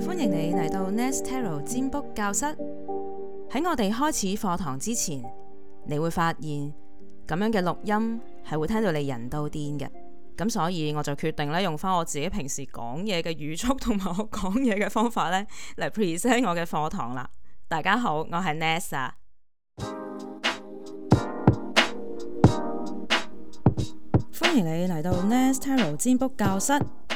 歡迎你嚟到 Nest Tarot 占卜教室。喺我哋開始課堂之前，你會發現咁樣嘅錄音係會聽到你人到癲嘅。咁所以我就決定咧用翻我自己平時講嘢嘅語速同埋我講嘢嘅方法咧嚟 present 我嘅課堂啦。大家好，我係 Nesta。歡迎你嚟到 Nest Tarot 占卜教室。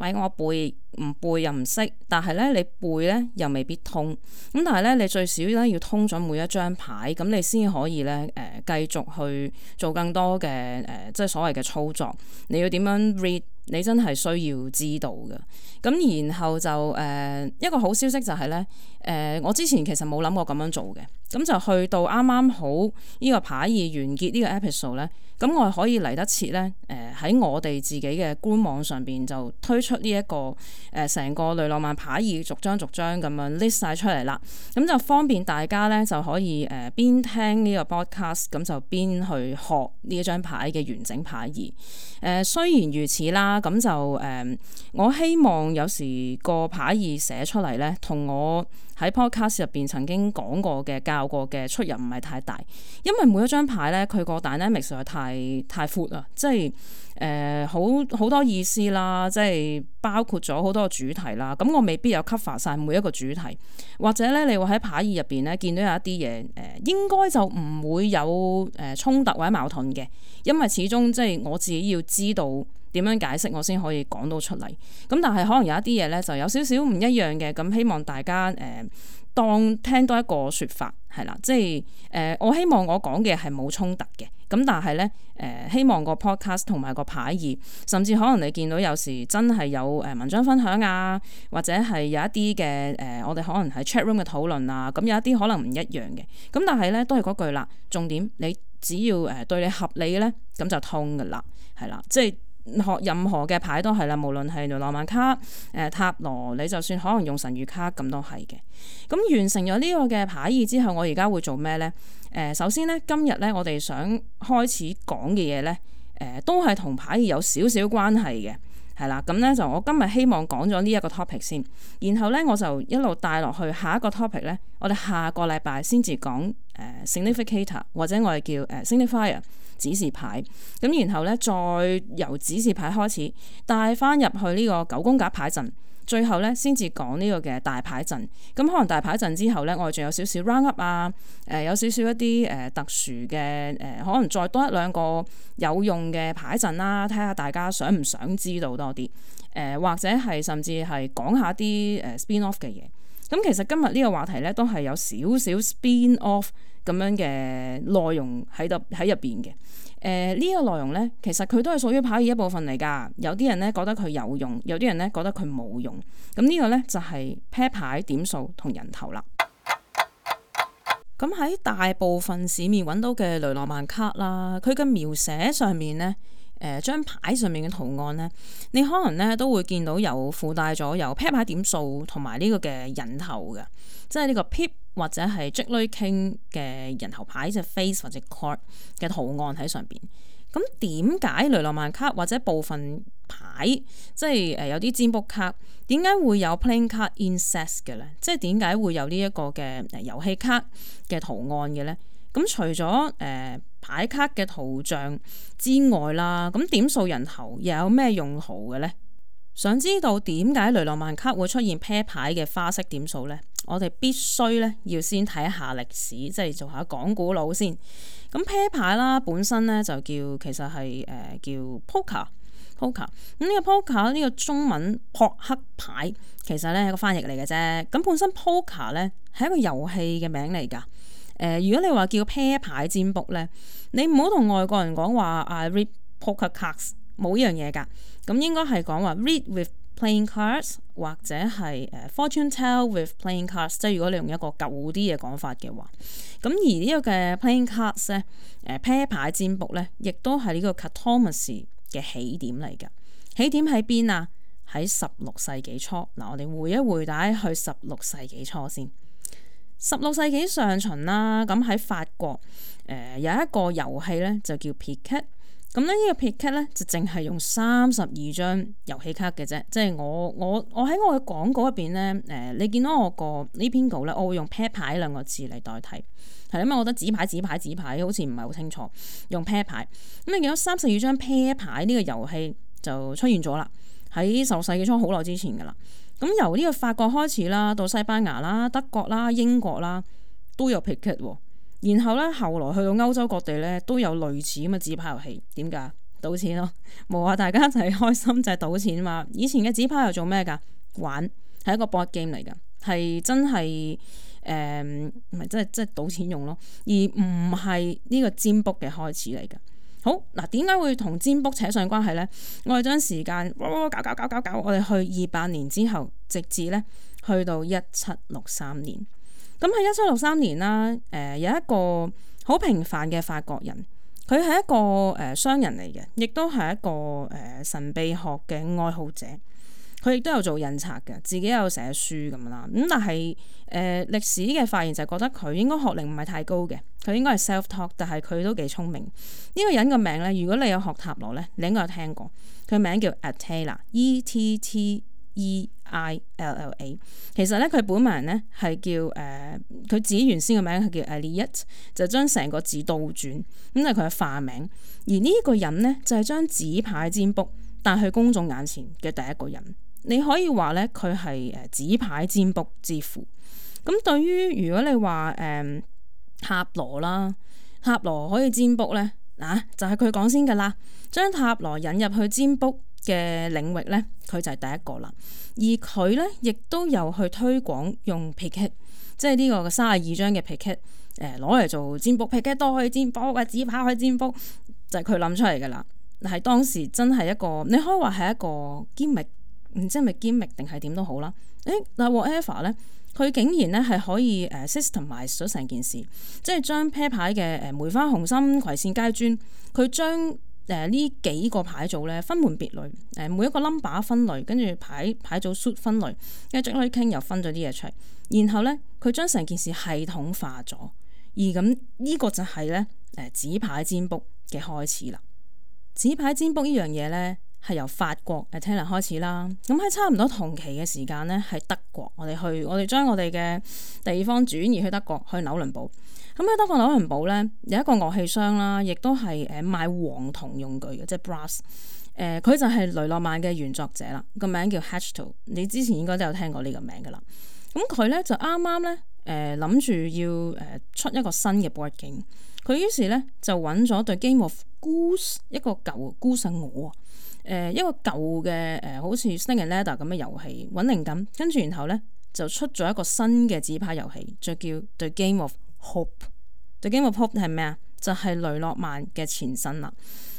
咪我背唔背又唔識，但係咧你背咧又未必通。咁但係咧你最少咧要通咗每一張牌，咁你先可以咧誒、呃、繼續去做更多嘅誒、呃，即係所謂嘅操作。你要點樣 read？你真係需要知道嘅。咁然後就誒、呃、一個好消息就係咧誒，我之前其實冇諗過咁樣做嘅。咁就去到啱啱好呢個牌義完結呢個 episode 咧，咁我可以嚟得切咧，誒、呃、喺我哋自己嘅官網上邊就推出呢、這、一個誒成、呃、個雷諾曼牌義逐張逐張咁樣 list 晒出嚟啦，咁就方便大家咧就可以誒、呃、邊聽呢個 podcast，咁就邊去學呢一張牌嘅完整牌義。誒、呃、雖然如此啦，咁就誒、呃、我希望有時個牌義寫出嚟咧，同我，喺 Podcast 入邊曾經講過嘅教過嘅出入唔係太大，因為每一張牌咧佢個 dynamic 實在太太闊啦，即係。誒、呃、好好多意思啦，即係包括咗好多主題啦。咁我未必有 cover 晒每一個主題，或者咧你會喺牌二入邊咧見到有一啲嘢，誒、呃、應該就唔會有誒衝、呃、突或者矛盾嘅，因為始終即係我自己要知道點樣解釋，我先可以講到出嚟。咁但係可能有一啲嘢咧就有少少唔一樣嘅，咁希望大家誒、呃、當聽多一個説法係啦，即係誒、呃、我希望我講嘅係冇衝突嘅。咁但係咧，誒、呃、希望個 podcast 同埋個牌熱，甚至可能你見到有時真係有誒文章分享啊，或者係有一啲嘅誒，我哋可能係 chatroom 嘅討論啊，咁有一啲可能唔一樣嘅。咁但係咧，都係嗰句啦，重點你只要誒對你合理咧，咁就通㗎啦，係啦，即係。學任何嘅牌都係啦，無論係羅曼卡、誒、呃、塔羅，你就算可能用神諭卡咁都係嘅。咁、嗯、完成咗呢個嘅牌意之後，我而家會做咩呢？誒、呃，首先呢，今日呢，我哋想開始講嘅嘢呢，誒、呃，都係同牌意有少少關係嘅，係啦。咁、嗯、呢，就我今日希望講咗呢一個 topic 先，然後呢，我就一路帶落去下一個 topic 呢，我哋下個禮拜先至講、呃、Significator 或者我哋叫誒 Signifier。呃 Signifier，指示牌咁，然後咧，再由指示牌開始帶翻入去呢個九宮格牌陣，最後咧，先至講呢個嘅大牌陣。咁可能大牌陣之後咧，我哋仲有少少 round up 啊，誒，有少少一啲誒特殊嘅誒、呃，可能再多一兩個有用嘅牌陣啦，睇下大家想唔想知道多啲誒、呃，或者係甚至係講一下啲誒 spin off 嘅嘢。咁其實今日呢個話題呢，都係有少少 spin off 咁樣嘅內容喺度喺入邊嘅。誒、呃、呢、這個內容呢，其實佢都係屬於牌嘅一部分嚟㗎。有啲人呢，覺得佢有用，有啲人呢，覺得佢冇用。咁、嗯、呢、這個呢，就係啤牌點數同人頭啦。咁喺大部分市面揾到嘅雷諾曼卡啦，佢嘅描寫上面呢。誒張、呃、牌上面嘅圖案咧，你可能咧都會見到有附帶咗有 pip 牌點數同埋呢個嘅人頭嘅，即係呢個 pip 或者係 jack king 嘅人頭牌，即係 face 或者 card 嘅圖案喺上邊。咁點解雷諾曼卡或者部分牌，即係誒有啲占卜卡，點解會有 playing card in sets 嘅咧？即係點解會有呢一個嘅遊戲卡嘅圖案嘅咧？咁、嗯、除咗誒。呃牌卡嘅圖像之外啦，咁點數人頭又有咩用途嘅呢？想知道點解雷諾曼卡會出現啤牌嘅花式點數呢？我哋必須咧要先睇下歷史，即係做下講古佬先。咁啤牌啦，本身咧就叫其實係誒、呃、叫 poker poker。咁呢個 poker 呢個中文撲克牌，其實咧係個翻譯嚟嘅啫。咁本身 poker 咧係一個遊戲嘅名嚟㗎。誒、呃，如果你話叫啤牌占卜咧，你唔好同外國人講話啊 read poker cards 冇呢樣嘢㗎。咁應該係講話 read with playing cards 或者係誒 fortune tell with playing cards，即係如果你用一個舊啲嘅講法嘅話，咁而呢個嘅 playing cards 咧、呃，誒啤牌占卜咧，亦都係呢個 cartomancy 嘅起點嚟㗎。起點喺邊啊？喺十六世紀初嗱，我哋回一回帶去十六世紀初先。十六世紀上旬啦，咁喺法國，誒、呃、有一個遊戲咧就叫 Picket。咁、這、咧、個、呢個 Picket 咧就淨係用三十二張遊戲卡嘅啫。即係我我我喺我嘅廣告入邊咧，誒、呃、你見到我個呢篇稿咧，我會用 pair 牌兩個字嚟代替。係因為我覺得紙牌紙牌紙牌,牌好似唔係好清楚，用 pair 牌。咁、嗯、你見到三十二張 pair 牌呢、這個遊戲就出現咗啦，喺十六世紀初好耐之前噶啦。咁由呢個法國開始啦，到西班牙啦、德國啦、英國啦都有 Piquet。然後咧，後來去到歐洲各地咧都有類似咁嘅紙牌遊戲。點噶賭錢咯，冇啊！大家一齊開心就係、是、賭錢啊嘛。以前嘅紙牌又做咩噶玩？係一個 board game 嚟㗎，係真係誒，唔係即係即係賭錢用咯，而唔係呢個占卜嘅開始嚟㗎。好嗱，點解會同占卜扯上關係呢？我哋將時間搞搞搞搞搞，我哋去二百年之後，直至呢去到一七六三年。咁喺一七六三年啦，誒、呃、有一個好平凡嘅法國人，佢係一個誒、呃、商人嚟嘅，亦都係一個誒、呃、神秘學嘅愛好者。佢亦都有做印刷嘅，自己有寫書咁啦。咁但係，誒、呃、歷史嘅發現就係覺得佢應該學歷唔係太高嘅。佢應該係 self-taught，但係佢都幾聰明呢、這個人個名咧。如果你有學塔羅咧，你應該有聽過佢名叫 Etteilla E T T E I L L A。其實咧，佢本名咧係叫誒，佢、呃、自己原先嘅名係叫 Alliette，就將成個字倒轉咁就佢嘅化名。而呢個人咧就係、是、將紙牌占卜帶去公眾眼前嘅第一個人。你可以話咧，佢係誒紙牌占卜之父。咁對於如果你話誒、嗯、塔羅啦，塔羅可以占卜咧，嗱、啊、就係佢講先嘅啦。將塔羅引入去占卜嘅領域咧，佢就係第一個啦。而佢咧亦都有去推廣用皮卡、呃，即係呢個三十二張嘅皮卡誒攞嚟做占卜。皮卡都可以占卜嘅，紙牌可以占卜，就係佢諗出嚟嘅啦。喺當時真係一個你可以話係一個 gimmick。唔知係咪 gimmick 定係點都好啦，誒嗱 whatever 咧，佢竟然咧係可以誒 system 埋咗成件事，即係將 pair 牌嘅誒梅花、紅心、葵扇、街磚，佢將誒呢幾個牌組咧分門別類，誒每一個 number 分類，跟住牌牌組 suit 分類，跟住 joker 又分咗啲嘢出嚟，然後咧佢將成件事系統化咗，而咁呢、呢個就係咧誒紙牌占卜嘅開始啦。紙牌占卜呢樣嘢咧。係由法國誒 o r 開始啦。咁喺差唔多同期嘅時間呢，喺德國，我哋去我哋將我哋嘅地方轉移去德國，去紐倫堡。咁喺德國紐倫堡呢，有一個樂器商啦，亦都係誒賣黃銅用具嘅，即係 brass。佢、呃、就係雷諾曼嘅原作者啦，個名叫 Hatchto。你之前應該都有聽過呢個名噶啦。咁佢呢，就啱啱呢，誒諗住要誒出一個新嘅 board game。佢於是呢，就揾咗對 Game of Goose 一個舊孤身鵝。誒、呃，一個舊嘅誒，好似 Stair Ladder 咁嘅遊戲，搵靈感，跟住然後呢，就出咗一個新嘅紙牌遊戲，就叫《The Game of Hope》，The Game of Hope 係咩、就是嗯、啊？就係雷諾曼嘅前身啦。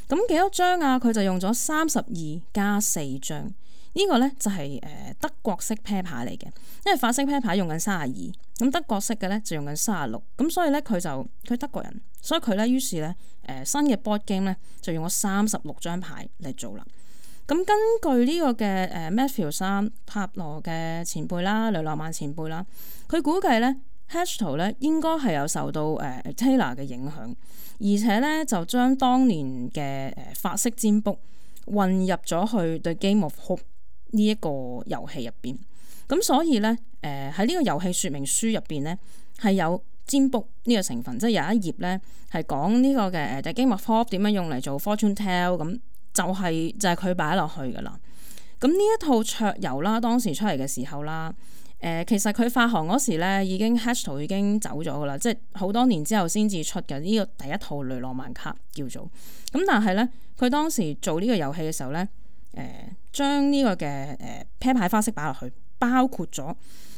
咁幾多張啊？佢就用咗三十二加四張。呢個咧就係誒德國式 pair 牌嚟嘅，因為法式 pair 牌用緊三十二，咁德國式嘅咧就用緊三十六，咁所以咧佢就佢德國人，所以佢咧於是咧誒新嘅 board game 咧就用咗三十六張牌嚟做啦。咁根據呢個嘅誒 Matthew 三帕羅嘅前輩啦、雷諾曼前輩啦，佢估計咧 Hatchel 咧應該係有受到誒 Taylor 嘅影響，而且咧就將當年嘅誒法式占卜混入咗去對 Game of Hope。呢一個遊戲入邊，咁所以咧，誒喺呢個遊戲說明書入邊咧，係有占卜呢個成分，即係有一頁咧係講呢講個嘅誒 The Game of Hope 點樣用嚟做 fortune tell，咁、嗯、就係、是、就係佢擺落去噶啦。咁、嗯、呢一套桌遊啦，當時出嚟嘅時候啦，誒、呃、其實佢發行嗰時咧已經 Hechtel 已經走咗噶啦，即係好多年之後先至出嘅呢、這個第一套雷諾曼卡叫做。咁但係咧，佢當時做呢個遊戲嘅時候咧。誒、呃、將呢個嘅誒啤牌花式擺落去，包括咗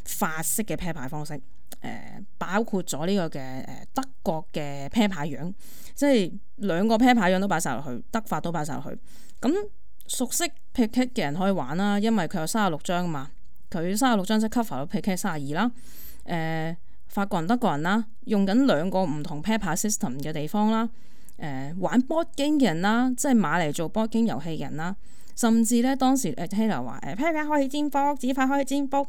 法式嘅啤牌方式。誒、呃、包括咗呢個嘅誒、呃、德國嘅啤牌樣，即係兩個啤牌樣都擺晒落去，德法都擺晒落去。咁、嗯、熟悉 picket 嘅人可以玩啦，因為佢有三十六張嘛。佢三十六張即 cover 到 picket 三十、呃、二啦。誒法國人、德國人啦，用緊兩個唔同啤牌 system 嘅地方啦。誒、呃、玩 board game 嘅人啦，即係買嚟做 board game 遊戲嘅人啦。甚至咧，當時誒 Teller 話誒，啪啪開起占卜，紙牌開起占卜，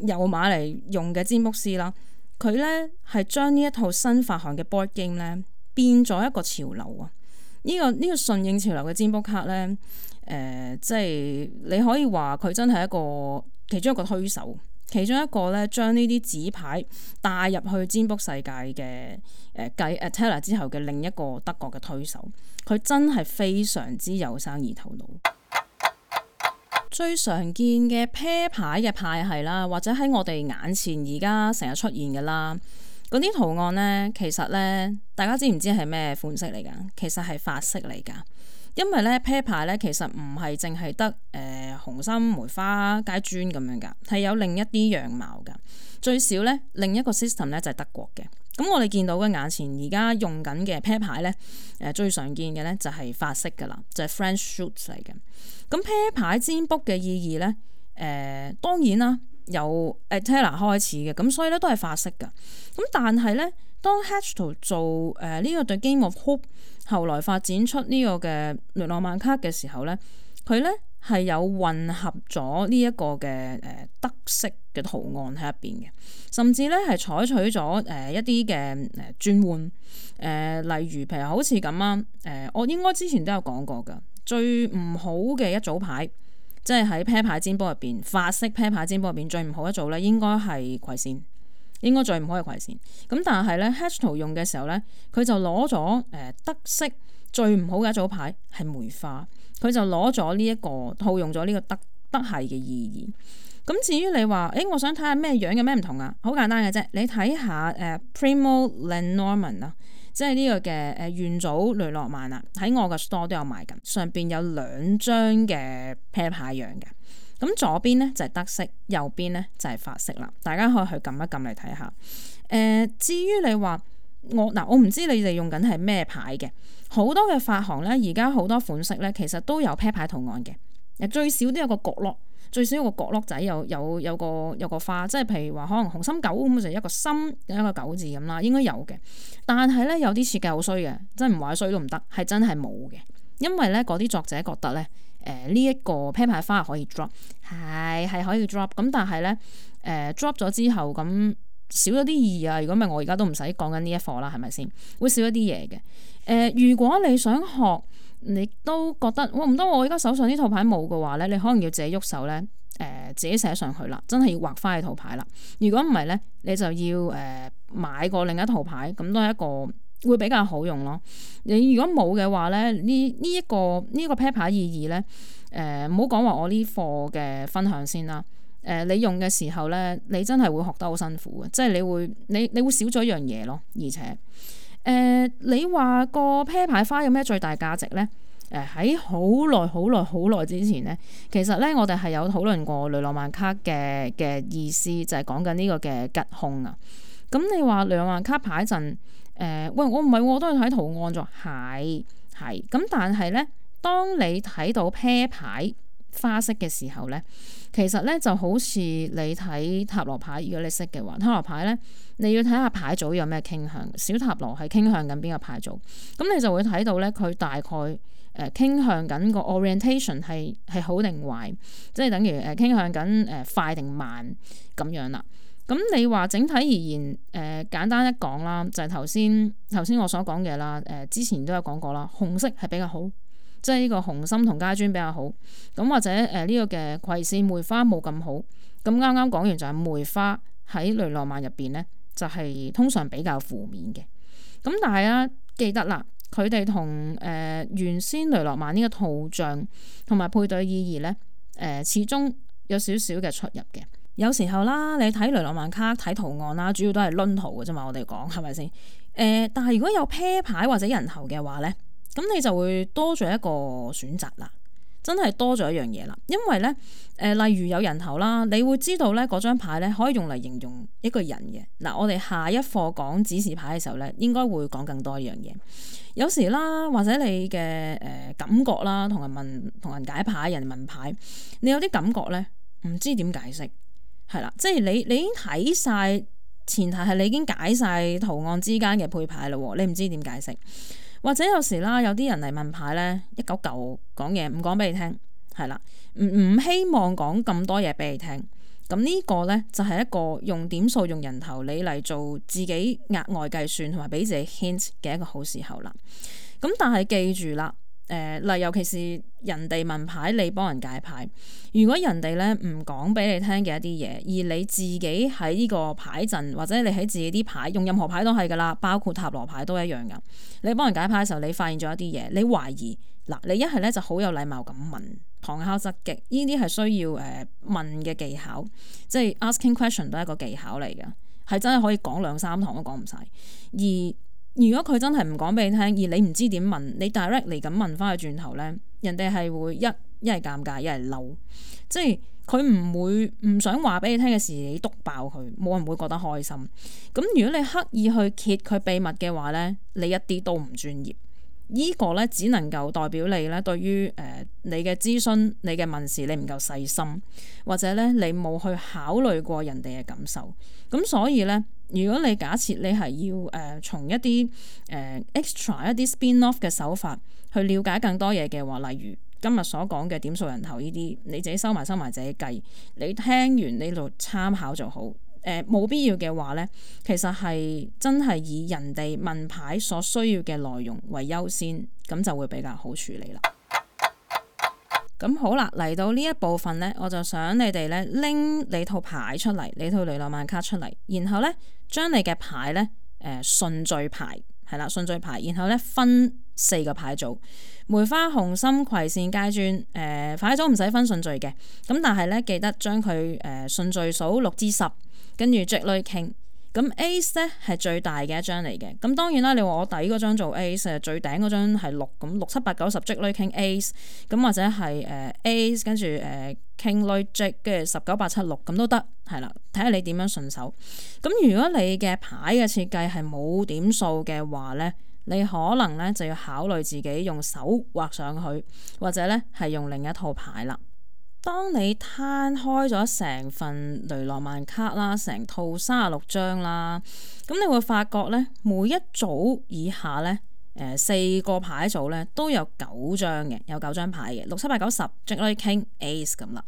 又買嚟用嘅占卜師啦。佢咧係將呢一套新發行嘅 board game 咧變咗一個潮流啊！呢、這個呢、這個順應潮流嘅占卜卡咧，誒、呃、即係你可以話佢真係一個其中一個推手，其中一個咧將呢啲紙牌帶入去占卜世界嘅誒繼、呃、誒 Teller 之後嘅另一個德國嘅推手，佢真係非常之有生意頭腦。最常見嘅啤牌嘅派系啦，或者喺我哋眼前而家成日出現嘅啦，嗰啲圖案呢，其實呢，大家知唔知係咩款式嚟噶？其實係法式嚟噶，因為呢啤牌呢，其實唔係淨係得誒紅心、梅花、街磚咁樣噶，係有另一啲樣貌噶。最少呢，另一個 system 呢就係德國嘅。咁我哋見到嘅眼前而家用緊嘅啤牌呢，誒、呃、最常見嘅呢就係法式噶啦，就係、是、French suits 嚟嘅。咁啤牌占卜嘅意義咧，誒、呃、當然啦，由 Etteilla 開始嘅，咁所以咧都係法式嘅。咁但係咧，當 Hechtel 做誒呢、呃這個對 Game of Hope 後來發展出呢個嘅雷諾曼卡嘅時候咧，佢咧係有混合咗呢一個嘅誒德式嘅圖案喺入邊嘅，甚至咧係採取咗誒一啲嘅誒轉換誒、呃，例如譬如好似咁啊，誒、呃、我應該之前都有講過噶。最唔好嘅一組牌，即係喺 pair 牌尖波入邊，法式 pair 牌尖波入邊最唔好一組咧，應該係葵扇，應該最唔好嘅葵扇。咁但係咧 Hatcho 用嘅時候咧，佢就攞咗誒德式最唔好嘅一組牌係梅花，佢就攞咗呢一個套用咗呢個德德系嘅意義。咁至於你話，誒、欸、我想睇下咩樣嘅咩唔同啊，好簡單嘅啫，你睇下誒 Primo Lenormand 啊。呃即係呢個嘅誒元祖雷諾曼啦，喺我嘅 store 都有賣緊，上邊有兩張嘅啤牌樣嘅。咁左邊呢就係德式，右邊呢就係法式啦。大家可以去撳一撳嚟睇下。誒、呃，至於你話我嗱，我唔、呃、知你哋用緊係咩牌嘅，好多嘅發行呢，而家好多款式呢，其實都有啤牌圖案嘅，最少都有個角落。最少有個角落仔有有有個有個花，即係譬如話可能紅心九咁就一個心一個九字咁啦，應該有嘅。但係咧有啲設計好衰嘅，真係唔話衰都唔得，係真係冇嘅。因為咧嗰啲作者覺得咧，誒呢一個 pair 牌花可以 drop，係係可以 drop。咁但係咧誒 drop 咗之後，咁少咗啲意義啊！如果唔係我而家都唔使講緊呢一課啦，係咪先會少一啲嘢嘅？誒、呃，如果你想學。你都覺得、哦、我唔得我而家手上呢套牌冇嘅話咧，你可能要自己喐手咧，誒、呃、自己寫上去啦，真係要畫翻嘅套牌啦。如果唔係咧，你就要誒、呃、買過另一套牌，咁都係一個會比較好用咯。你如果冇嘅話咧，呢呢一個呢、呢個 paper 意義咧，誒唔好講話我呢課嘅分享先啦。誒、呃、你用嘅時候咧，你真係會學得好辛苦嘅，即係你會你你會少咗一樣嘢咯，而且。誒、呃，你話個啤牌花有咩最大價值呢？誒、呃，喺好耐、好耐、好耐之前呢，其實呢，我哋係有討論過雷諾曼卡嘅嘅意思，就係、是、講緊呢個嘅吉凶啊。咁、嗯、你話雷諾曼卡牌陣，誒、呃，喂，我唔係，我都係睇圖案咗，係係。咁但係呢，當你睇到啤牌花式嘅時候呢。其實咧就好似你睇塔羅牌，如果你識嘅話，塔羅牌咧你要睇下牌組有咩傾向，小塔羅係傾向緊邊個牌組，咁你就會睇到咧佢大概誒傾向緊個 orientation 係係好定壞，即係等於誒傾向緊誒快定慢咁樣啦。咁你話整體而言誒、呃、簡單一講啦，就係頭先頭先我所講嘅啦，誒之前都有講過啦，紅色係比較好。即係呢個紅心同家磚比較好，咁或者誒呢個嘅葵扇梅花冇咁好，咁啱啱講完就係梅花喺雷諾曼入邊咧，就係通常比較負面嘅。咁但係啊記得啦，佢哋同誒原先雷諾曼呢個圖像同埋配對意義咧，誒、呃、始終有少少嘅出入嘅。有時候啦，你睇雷諾曼卡睇圖案啦，主要都係論圖嘅啫嘛，我哋講係咪先？誒、呃，但係如果有啤牌或者人頭嘅話咧，咁你就會多咗一個選擇啦，真係多咗一樣嘢啦。因為咧，誒、呃、例如有人頭啦，你會知道咧，嗰張牌咧可以用嚟形容一個人嘅。嗱，我哋下一課講指示牌嘅時候咧，應該會講更多一樣嘢。有時啦，或者你嘅誒、呃、感覺啦，同人問、同人解牌、人問牌，你有啲感覺咧，唔知點解釋。係啦，即係你你已經睇晒，前提係你已經解晒圖案之間嘅配牌啦喎，你唔知點解釋。或者有時啦，有啲人嚟問牌咧，一九九講嘢唔講俾你聽，係啦，唔唔希望講咁多嘢俾你聽。咁呢個咧就係、是、一個用點數、用人頭你嚟做自己額外計算同埋俾自己 hint 嘅一個好時候啦。咁但係記住啦。誒嗱、呃，尤其是人哋問牌，你幫人解牌。如果人哋咧唔講俾你聽嘅一啲嘢，而你自己喺呢個牌陣，或者你喺自己啲牌用任何牌都係噶啦，包括塔羅牌都一樣噶。你幫人解牌嘅時候，你發現咗一啲嘢，你懷疑嗱，你一係咧就好有禮貌咁問，旁敲側擊，呢啲係需要誒問嘅技巧，即係 asking question 都係一個技巧嚟嘅，係真係可以講兩三堂都講唔晒。而如果佢真係唔講俾你聽，而你唔知點問，你 directly 咁問翻佢轉頭咧，人哋係會一一係尷尬，一係嬲，即係佢唔會唔想話俾你聽嘅事，你督爆佢，冇人會覺得開心。咁如果你刻意去揭佢秘密嘅話咧，你一啲都唔專業。呢、這個咧只能夠代表你咧對於誒你嘅諮詢、你嘅問事，你唔夠細心，或者咧你冇去考慮過人哋嘅感受。咁所以咧。如果你假設你係要誒、呃、從一啲誒、呃、extra 一啲 spin off 嘅手法去了解更多嘢嘅話，例如今日所講嘅點數人頭呢啲，你自己收埋收埋自己計。你聽完呢度參考就好。誒、呃、冇必要嘅話咧，其實係真係以人哋問牌所需要嘅內容為優先，咁就會比較好處理啦。咁、嗯、好啦，嚟到呢一部分呢，我就想你哋呢拎你套牌出嚟，你套雷諾曼卡出嚟，然後呢將你嘅牌呢誒、呃、順序牌，係啦順序牌。然後呢分四個牌組，梅花、紅心、葵扇、階磚，誒、呃、牌組唔使分順序嘅，咁但係呢，記得將佢誒、呃、順序數六至十，跟住 j a c 咁 Ace 咧係最大嘅一張嚟嘅，咁當然啦，你話我底嗰張做 Ace，最頂嗰張係六，咁六七八九十 J、King、Ace，咁或者係誒 Ace 跟住誒 King、J、K，跟住十九八七六咁都得，係啦，睇下你點樣順手。咁如果你嘅牌嘅設計係冇點數嘅話咧，你可能咧就要考慮自己用手畫上去，或者咧係用另一套牌啦。當你攤開咗成份雷諾曼卡啦，成套三十六張啦，咁你會發覺咧，每一組以下咧，誒四個牌組咧都有九張嘅，有九張牌嘅，六七八九十 J、Q、K、Ace 咁啦。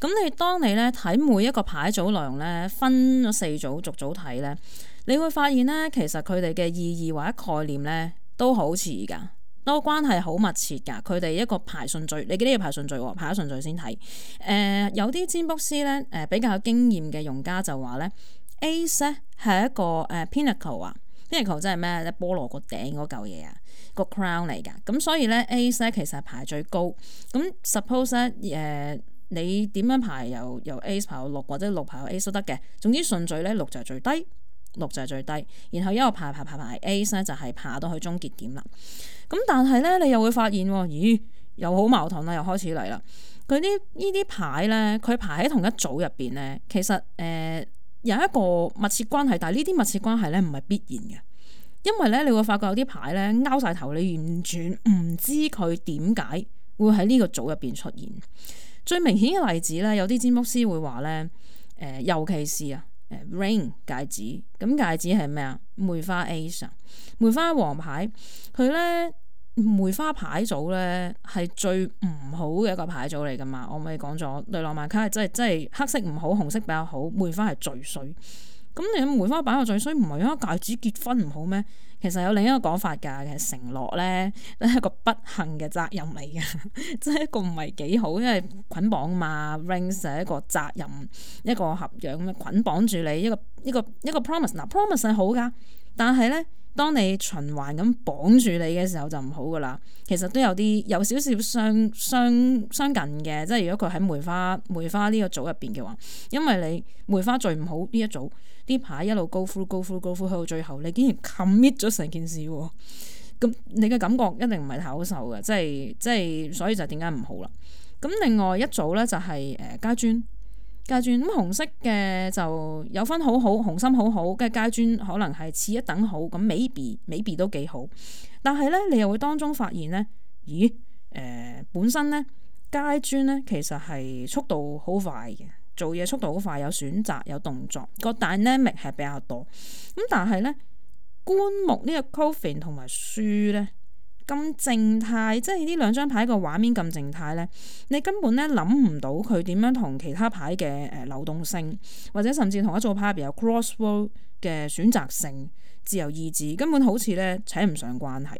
咁你當你咧睇每一個牌組內容咧，分咗四組逐組睇咧，你會發現咧，其實佢哋嘅意義或者概念咧，都好似㗎。多關係好密切㗎，佢哋一個排順序，你記得要排順序喎，排咗順序先睇。誒、呃，有啲占卜師咧，誒、呃、比較有經驗嘅用家就話咧，Ace 咧係一個誒、呃、Pinnacle 啊，Pinnacle 即係咩咧？菠蘿個頂嗰嚿嘢啊，個 crown 嚟㗎。咁所以咧，Ace 咧其實係排最高。咁 suppose 咧、呃，誒你點樣排由由 Ace 排到六，或者六排到 Ace 都得嘅。總之順序咧，六就係最低。六就係最低，然後一路排排排排 A 呢就係排到去終結點啦。咁但係呢，你又會發現，咦，又好矛盾啦，又開始嚟啦。佢啲呢啲牌呢，佢排喺同一組入邊呢，其實誒、呃、有一個密切關係，但係呢啲密切關係呢唔係必然嘅，因為呢，你會發覺有啲牌呢，拗晒頭，你完全唔知佢點解會喺呢個組入邊出現。最明顯嘅例子呢，有啲占卜師會話呢，誒、呃、尤其是啊。Rain 戒指咁戒指係咩啊？梅花 A 上梅花王牌佢咧梅花牌組咧係最唔好嘅一個牌組嚟噶嘛？我咪講咗對浪漫卡係真係真係黑色唔好，紅色比較好。梅花係最水。咁你梅花擺個最，所以唔係因為戒指結婚唔好咩？其實有另一個講法噶，其實承諾咧，都係一個不幸嘅責任嚟噶，即 係一個唔係幾好，因為捆綁嘛，rings 係一個責任，一個合約咁捆綁住你，一個一個一個 prom、呃、promise。嗱，promise 係好噶，但係咧，當你循環咁綁住你嘅時候就唔好噶啦。其實都有啲有少少相相相近嘅，即係如果佢喺梅花梅花呢個組入邊嘅話，因為你梅花最唔好呢一組。啲牌一路 go through go through go through 去到最後，你竟然 commit 咗成件事喎？咁你嘅感覺一定唔係太好受嘅，即係即係，所以就點解唔好啦？咁另外一組咧就係誒階磚階磚咁紅色嘅就有分好好紅心好好，跟住階磚可能係次一等好，咁 maybe maybe 都幾好。但係咧，你又會當中發現咧，咦誒、呃、本身咧階磚咧其實係速度好快嘅。做嘢速度好快，有選擇，有動作，個 dynamic 係比較多。咁但係咧，棺木個呢個 coffin 同埋書咧，咁靜態，即係呢兩張牌個畫面咁靜態咧，你根本咧諗唔到佢點樣同其他牌嘅誒、呃、流動性，或者甚至同一組牌有 crossroad 嘅選擇性、自由意志，根本好似咧扯唔上關係。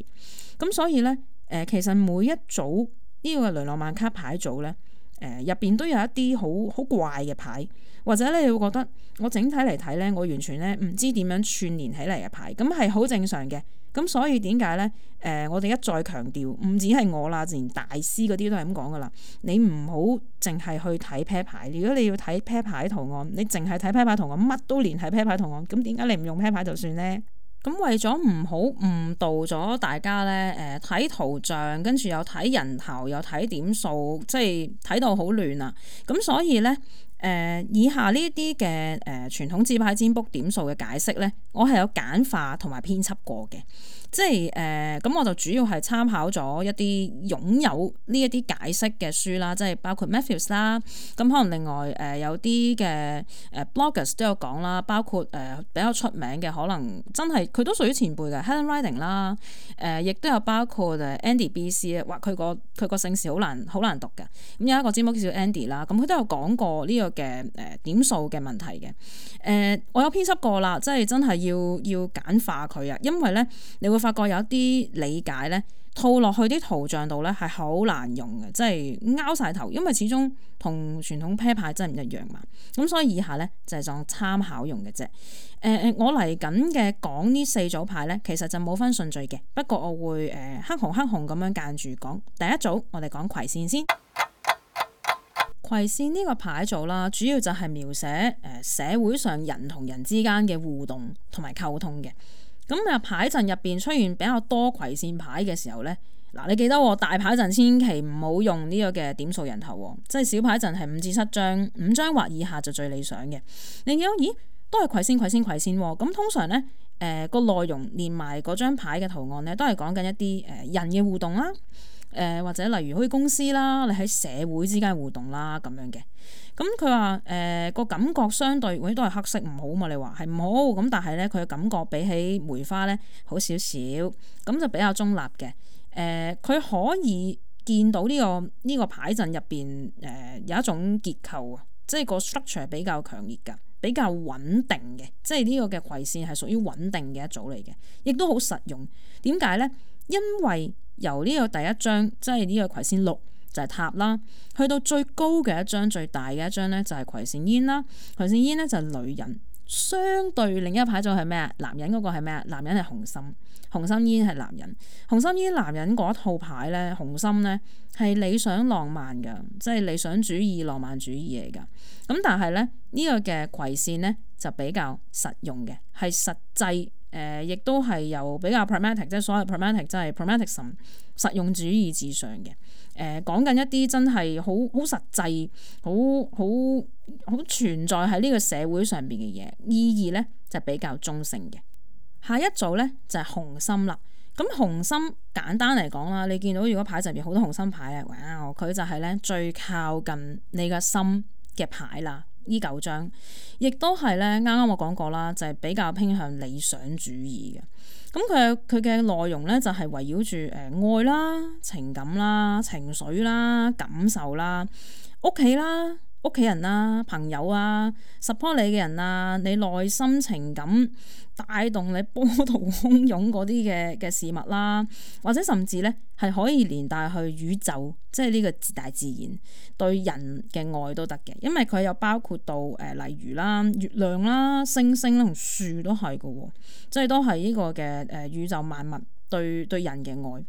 咁所以咧，誒、呃、其實每一組呢個雷諾曼卡牌組咧。入邊都有一啲好好怪嘅牌，或者你會覺得我整體嚟睇咧，我完全咧唔知點樣串連起嚟嘅牌，咁係好正常嘅。咁所以點解咧？誒、呃，我哋一再強調，唔止係我啦，就連大師嗰啲都係咁講噶啦。你唔好淨係去睇 pair 牌，如果你要睇 pair 牌圖案，你淨係睇 pair 牌圖案，乜都連係 pair 牌圖案，咁點解你唔用 pair 牌就算咧？咁為咗唔好誤導咗大家咧，誒、呃、睇圖像，跟住又睇人頭，又睇點數，即係睇到好亂啊！咁所以咧，誒、呃、以下呢啲嘅誒傳統紙牌占卜點數嘅解釋咧，我係有簡化同埋編輯過嘅。即係誒咁，我就主要係參考咗一啲擁有呢一啲解釋嘅書 s, 啦，即係包括 Matthews 啦，咁可能另外誒、呃、有啲嘅誒 bloggers 都有講啦，包括誒、呃、比較出名嘅，可能真係佢都屬於前輩嘅 Helen Riding 啦，誒、呃、亦都有包括誒 Andy B C 啊，哇佢個佢個姓氏好難好難讀嘅，咁、嗯、有一個節目叫做 Andy 啦，咁、嗯、佢都有講過呢個嘅誒、呃、點數嘅問題嘅，誒、呃、我有編輯過啦，即係真係要要，要簡化佢啊，因為咧你會。我發覺有一啲理解咧，套落去啲圖像度咧，係好難用嘅，即係拗晒頭，因為始終同傳統啤牌真係唔一樣嘛。咁所以以下咧就係當參考用嘅啫。誒、呃、誒，我嚟緊嘅講呢四組牌咧，其實就冇分順序嘅。不過我會誒、呃、黑紅黑紅咁樣間住講。第一組我哋講葵扇先。葵扇呢個牌組啦，主要就係描寫誒社會上人同人之間嘅互動同埋溝通嘅。咁啊、嗯、牌陣入邊出現比較多葵扇牌嘅時候咧，嗱你記得、哦、大牌陣千祈唔好用呢個嘅點數人頭喎，即係小牌陣係五至七張，五張或以下就最理想嘅。你見到咦都係葵扇、葵扇、葵扇、哦。咁、嗯、通常咧，誒個內容連埋嗰張牌嘅圖案咧，都係講緊一啲誒人嘅互動啦。誒或者例如好似公司啦，你喺社會之間互動啦咁樣嘅，咁佢話誒個感覺相對，或者、哎、都係黑色唔好嘛？你話係唔好，咁但係咧佢嘅感覺比起梅花咧好少少，咁就比較中立嘅。誒、呃、佢可以見到呢、這個呢、這個牌陣入邊誒有一種結構啊，即係個 structure 比較強烈嘅，比較穩定嘅，即係呢個嘅葵扇係屬於穩定嘅一組嚟嘅，亦都好實用。點解咧？因為由呢個第一張，即係呢個葵扇六就係塔啦，去到最高嘅一張、最大嘅一張呢，就係葵扇煙啦。葵扇煙呢，就係女人，相對另一排就係咩啊？男人嗰個係咩啊？男人係紅心，紅心煙係男人。紅心煙男人嗰套牌呢，紅心呢，係理想浪漫嘅，即係理想主義、浪漫主義嚟㗎。咁但係呢，呢個嘅葵扇呢，就比較實用嘅，係實際。誒、呃，亦都係由比較 pragmatic，即係所謂 pragmatic，即係 pragmatic 什實用主義至上嘅。誒、呃，講緊一啲真係好好實際、好好好存在喺呢個社會上邊嘅嘢，意義咧就是、比較中性嘅。下一組咧就係、是、紅心啦。咁紅心簡單嚟講啦，你見到如果牌上面好多紅心牌咧，哇，佢就係咧最靠近你嘅心嘅牌啦。呢九章，亦都係咧，啱啱我講過啦，就係、是、比較偏向理想主義嘅。咁佢佢嘅內容咧，就係圍繞住誒愛啦、情感啦、情緒啦、感受啦、屋企啦。屋企人啦、啊、朋友啊、support 你嘅人啊、你內心情感帶動你波濤洶湧嗰啲嘅嘅事物啦、啊，或者甚至咧係可以連帶去宇宙，即係呢個自大自然對人嘅愛都得嘅，因為佢有包括到誒、呃、例如啦、月亮啦、啊、星星同、啊、樹都係㗎喎，即係都係呢個嘅誒宇宙萬物對對人嘅愛。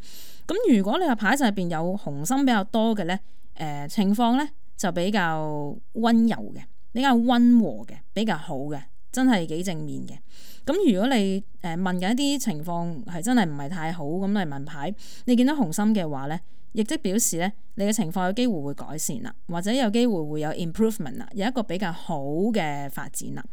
咁如果你話牌入邊有紅心比較多嘅咧，誒、呃、情況咧？就比較溫柔嘅，比較溫和嘅，比較好嘅，真係幾正面嘅。咁如果你誒問緊一啲情況係真係唔係太好，咁嚟問牌，你見到紅心嘅話呢，亦即表示呢，你嘅情況有機會會改善啦，或者有機會會有 improvement 啦，有一個比較好嘅發展啦。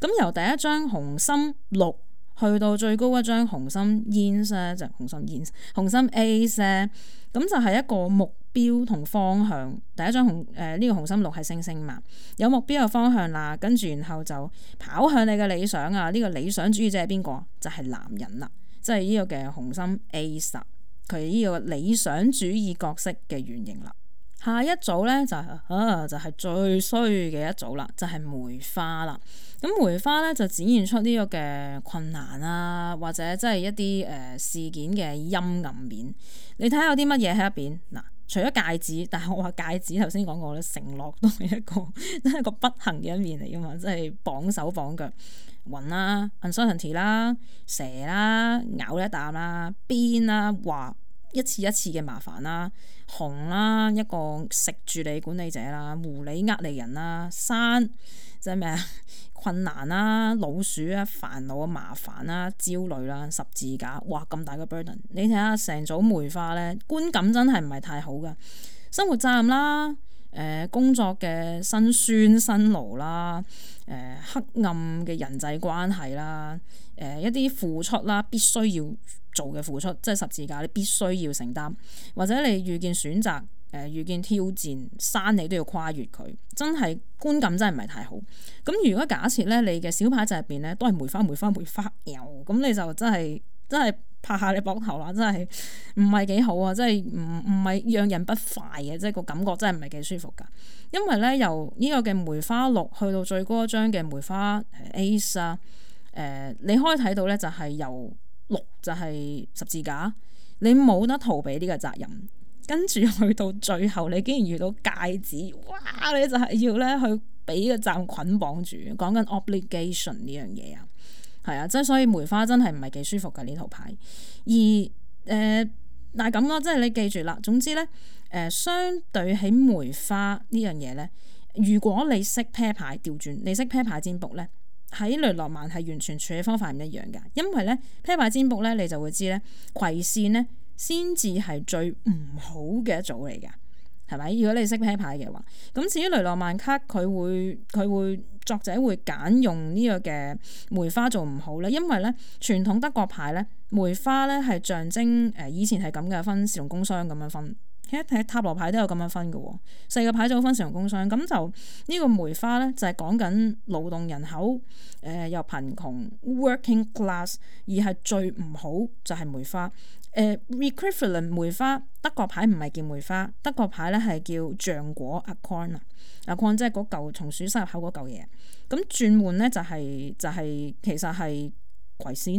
咁由第一張紅心六。去到最高一張紅心 Ace 咧，就紅心 Ace，紅心 Ace 咧，咁就係一個目標同方向。第一張紅誒呢、呃，呢個紅心六係星星嘛，有目標有方向啦。跟住然後就跑向你嘅理想啊！呢、呢個理想主義者係邊個？就係、係、男人啦，即係呢個嘅紅心 Ace。佢呢個理想主義角色嘅原型啦。下一組咧就啊就係、是、最衰嘅一組啦，就係、是、梅花啦。咁梅花咧就展現出呢個嘅困難啊，或者即係一啲誒、呃、事件嘅陰暗面。你睇下有啲乜嘢喺入邊嗱？除咗戒指，但係我話戒指頭先講過咧，承諾都係一個 真係一個不幸嘅一面嚟㗎嘛，即係綁手綁腳，暈啦，insanity 啦，蛇啦、啊，咬一啖啦、啊，鞭啦、啊，話。一次一次嘅麻煩啦，熊啦，一個食住你管理者啦，狐狸呃你人啦，山即係咩啊？就是、 困難啦，老鼠啊，煩惱啊，麻煩啦，焦慮啦，十字架，哇咁大個 burden！你睇下成組梅花咧，觀感真係唔係太好噶，生活責任啦。誒、呃，工作嘅辛酸辛勞、辛勞啦，誒，黑暗嘅人際關係啦，誒、呃，一啲付出啦，必須要做嘅付出，即係十字架，你必須要承擔，或者你遇見選擇，誒、呃，遇見挑戰山，刪，你都要跨越佢，真係觀感真係唔係太好。咁如果假設咧，你嘅小牌仔入邊咧都係梅花、梅花、梅花，有、呃、咁你就真係真係。拍下你膊頭啦，真係唔係幾好啊！真係唔唔係讓人不快嘅，即係個感覺真係唔係幾舒服噶。因為咧由呢個嘅梅花六去到最高一張嘅梅花 Ace 啊，誒，你可以睇到咧就係由六就係十字架，你冇得逃避呢個責任，跟住，去到最後你竟然遇到戒指，哇！你就係要咧去俾個站捆綁住，講緊 obligation 呢樣嘢啊。係啊，即係所以梅花真係唔係幾舒服㗎呢套牌。而誒、呃，但係咁咯，即係你記住啦。總之咧，誒、呃，相對喺梅花呢樣嘢咧，如果你識啤牌調轉，你識啤牌占卜咧，喺雷諾曼係完全處理方法唔一樣㗎。因為咧啤牌占卜咧，你就會知咧，葵扇咧先至係最唔好嘅一組嚟㗎，係咪？如果你識啤牌嘅話，咁至於雷諾曼卡，佢會佢會。作者會揀用呢個嘅梅花做唔好咧，因為咧傳統德國牌咧梅花咧係象徵誒以前係咁嘅分士農工商咁樣分，睇睇塔羅牌都有咁樣分嘅喎。四個牌就分士農工商，咁就呢個梅花咧就係講緊勞動人口誒又、呃、貧窮 working class 而係最唔好就係、是、梅花。誒、uh, r e c r e u l e n t 梅花德國牌唔係叫梅花，德國牌咧係叫橡果 acorn 啊。acorn 即係嗰嚿松鼠塞入口嗰嚿嘢。咁轉換咧就係、是、就係其實係葵扇，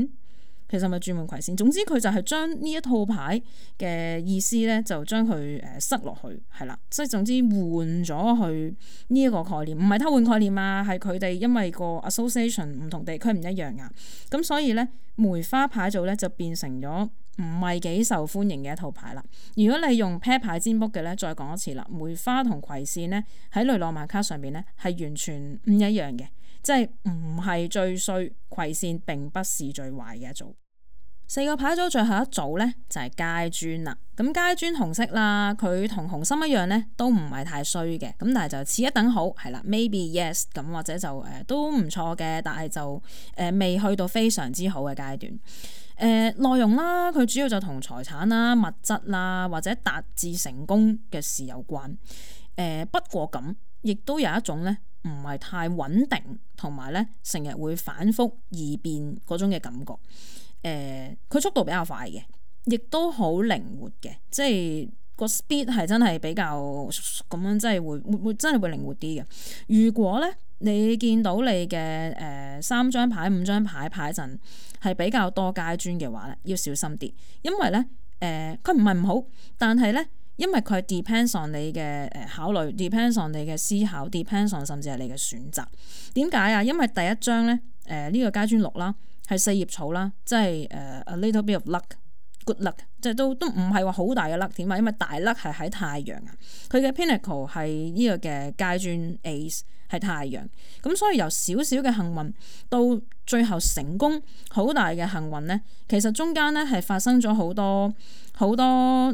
其實咪轉換葵扇。總之佢就係將呢一套牌嘅意思咧，就將佢誒塞落去係啦，即係總之換咗去呢一個概念，唔係偷換概念啊。係佢哋因為個 association 唔同地區唔一樣噶，咁、嗯、所以咧梅花牌組咧就變成咗。唔係幾受歡迎嘅一套牌啦。如果你用啤牌占卜嘅呢，再講一次啦，梅花同葵扇呢，喺雷諾曼卡上面呢，係完全唔一樣嘅，即係唔係最衰。葵扇並不是最壞嘅一組。四個牌組最後一組呢，就係街磚啦。咁街磚紅色啦，佢同紅心一樣呢，都唔係太衰嘅，咁但係就次一等好係啦。Maybe yes 咁或者就誒、呃、都唔錯嘅，但係就誒、呃、未去到非常之好嘅階段。誒、呃、內容啦，佢主要就同財產啦、啊、物質啦、啊，或者達至成功嘅事有關。誒、呃、不過咁，亦都有一種呢唔係太穩定，同埋呢成日會反覆易變嗰種嘅感覺。誒、呃、佢速度比較快嘅，亦都好靈活嘅，即係。個 speed 係真係比較咁樣真，真係會會真係會靈活啲嘅。如果咧你見到你嘅誒、呃、三張牌五張牌牌陣係比較多階磚嘅話咧，要小心啲，因為咧誒佢唔係唔好，但係咧因為佢係 depends on 你嘅誒考慮，depends on 你嘅思考，depends on 甚至係你嘅選擇。點解啊？因為第一張咧誒呢個階磚六啦係四葉草啦，即係誒、uh, a little bit of luck。good luck，即係都都唔係話好大嘅 luck，點解？因為大 luck 係喺太陽啊，佢嘅 pinnacle 係呢個嘅階磚 ace，係太陽。咁所以由少少嘅幸運到最後成功，好大嘅幸運咧，其實中間咧係發生咗好多好多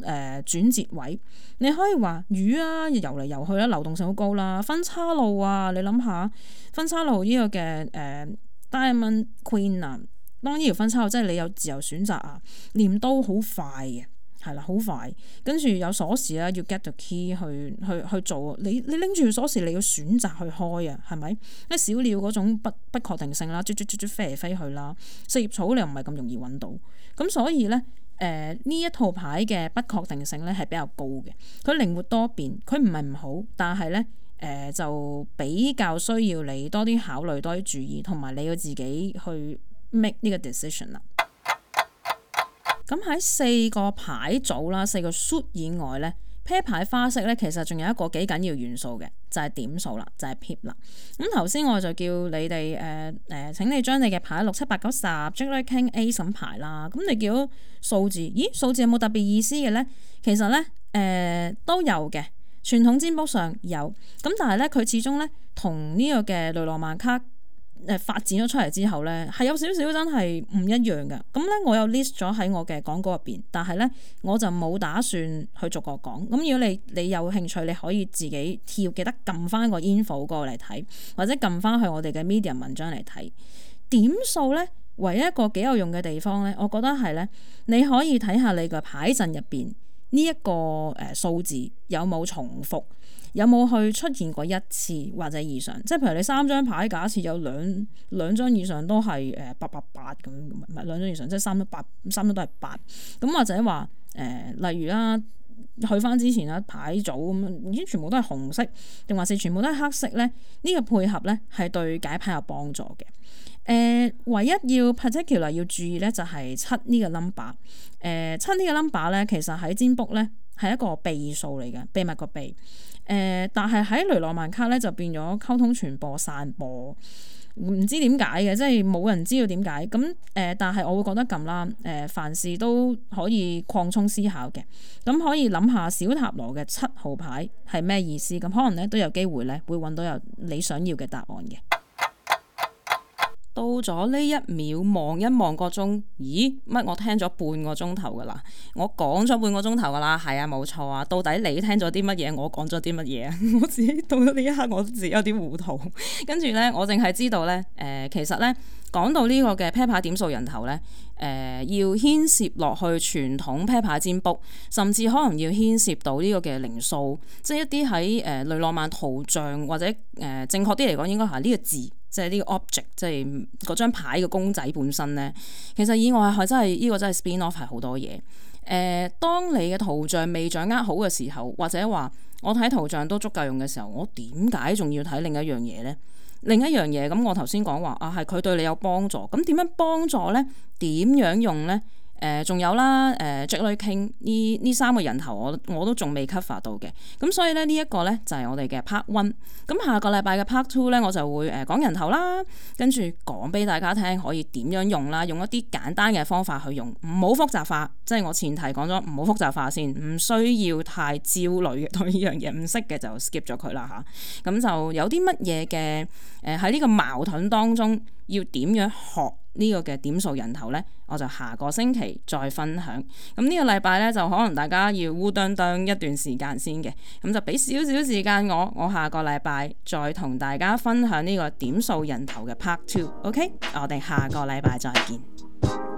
誒、呃、轉折位。你可以話魚啊游嚟游去啦，流動性好高啦，分叉路啊，你諗下分叉路呢個嘅誒、呃、diamond queen 啊。當呢條分叉，即係你有自由選擇啊。鐮刀好快嘅，係啦，好快。跟住有鎖匙啦，要 get 個 key 去去去做。你你拎住個鎖匙，你要選擇去開啊，係咪？因為小鳥嗰種不不確定性啦，追追追追飛嚟飛去啦。四葉草你又唔係咁容易搵到，咁所以咧，誒、呃、呢一套牌嘅不確定性咧係比較高嘅。佢靈活多變，佢唔係唔好，但係咧，誒、呃、就比較需要你多啲考慮、多啲注意，同埋你要自己去。Make 呢個 decision 啦。咁喺四個牌組啦，四個 suit 以外咧，pair 牌花式咧，其實仲有一個幾緊要元素嘅，就係、是、點數啦，就係 pip 啦。咁頭先我就叫你哋，誒、呃、誒、呃，請你將你嘅牌六七八九十 j R, King, a、k、a 搵牌啦。咁你叫到數字，咦，數字有冇特別意思嘅咧？其實咧，誒、呃、都有嘅，傳統占卜上有。咁但係咧，佢始終咧同呢個嘅雷諾曼卡。誒發展咗出嚟之後咧，係有少少真係唔一樣嘅。咁、嗯、咧，我又 list 咗喺我嘅廣告入邊，但係咧，我就冇打算去逐個講。咁、嗯、如果你你有興趣，你可以自己跳，記得撳翻個 info 過嚟睇，或者撳翻去我哋嘅 media 文章嚟睇。點數咧，唯一一個幾有用嘅地方咧，我覺得係咧，你可以睇下你嘅牌陣入邊呢一個誒數字有冇重複，有冇去出現過一次或者以上？即係譬如你三張牌，假設有兩兩張以上都係誒、呃、八八八咁，唔係兩張以上，即係三張八，三張都係八咁、嗯。或者話誒、呃，例如啦，去返之前啦，牌組咁已經全部都係紅色，定還是全部都係黑色咧？呢、這個配合咧係對解牌有幫助嘅。誒、呃，唯一要 particular 要注意咧，就係七呢個 number。誒，七呢個 number 咧，其實喺占卜咧係一個秘數嚟嘅，秘密個秘。誒、呃，但係喺雷諾曼卡咧就變咗溝通傳播散播，唔知點解嘅，即係冇人知道點解。咁、呃、誒，但係我會覺得咁啦。誒、呃，凡事都可以擴充思考嘅。咁可以諗下小塔羅嘅七號牌係咩意思？咁可能咧都有機會咧會揾到有你想要嘅答案嘅。到咗呢一秒，望一望個鐘，咦？乜我聽咗半個鐘頭噶啦？我講咗半個鐘頭噶啦，係啊，冇錯啊。到底你聽咗啲乜嘢？我講咗啲乜嘢啊？ 我自己到咗呢一刻，我自己有啲糊塗。 跟住呢，我淨係知道呢，誒、呃，其實呢，講到呢個嘅啤牌點數人頭呢，誒、呃，要牽涉落去傳統啤牌占卜，甚至可能要牽涉到呢個嘅靈數，即係一啲喺誒雷諾曼圖像或者誒正確啲嚟講，應該係呢個字。即係呢個 object，即係嗰張牌嘅公仔本身咧。其實以外係真係呢個真係 spin off 係好多嘢。誒、呃，當你嘅圖像未掌握好嘅時候，或者話我睇圖像都足夠用嘅時候，我點解仲要睇另一樣嘢咧？另一樣嘢咁，我頭先講話啊，係佢對你有幫助。咁點樣幫助咧？點樣用咧？誒仲、呃、有啦，誒 J.K. 呢呢三個人頭我我都仲未 cover 到嘅，咁所以咧呢一、這個咧就係、是、我哋嘅 Part One。咁下個禮拜嘅 Part Two 咧，我就會誒講、呃、人頭啦，跟住講俾大家聽可以點樣用啦，用一啲簡單嘅方法去用，唔好複雜化。即、就、係、是、我前提講咗唔好複雜化先，唔需要太焦慮當呢樣嘢，唔識嘅就 skip 咗佢啦嚇。咁、啊嗯、就有啲乜嘢嘅誒喺呢個矛盾當中要點樣學？呢個嘅點數人頭呢，我就下個星期再分享。咁呢個禮拜呢，就可能大家要烏噹噹一段時間先嘅。咁就俾少少時間我，我下個禮拜再同大家分享呢個點數人頭嘅 part two。OK，我哋下個禮拜再見。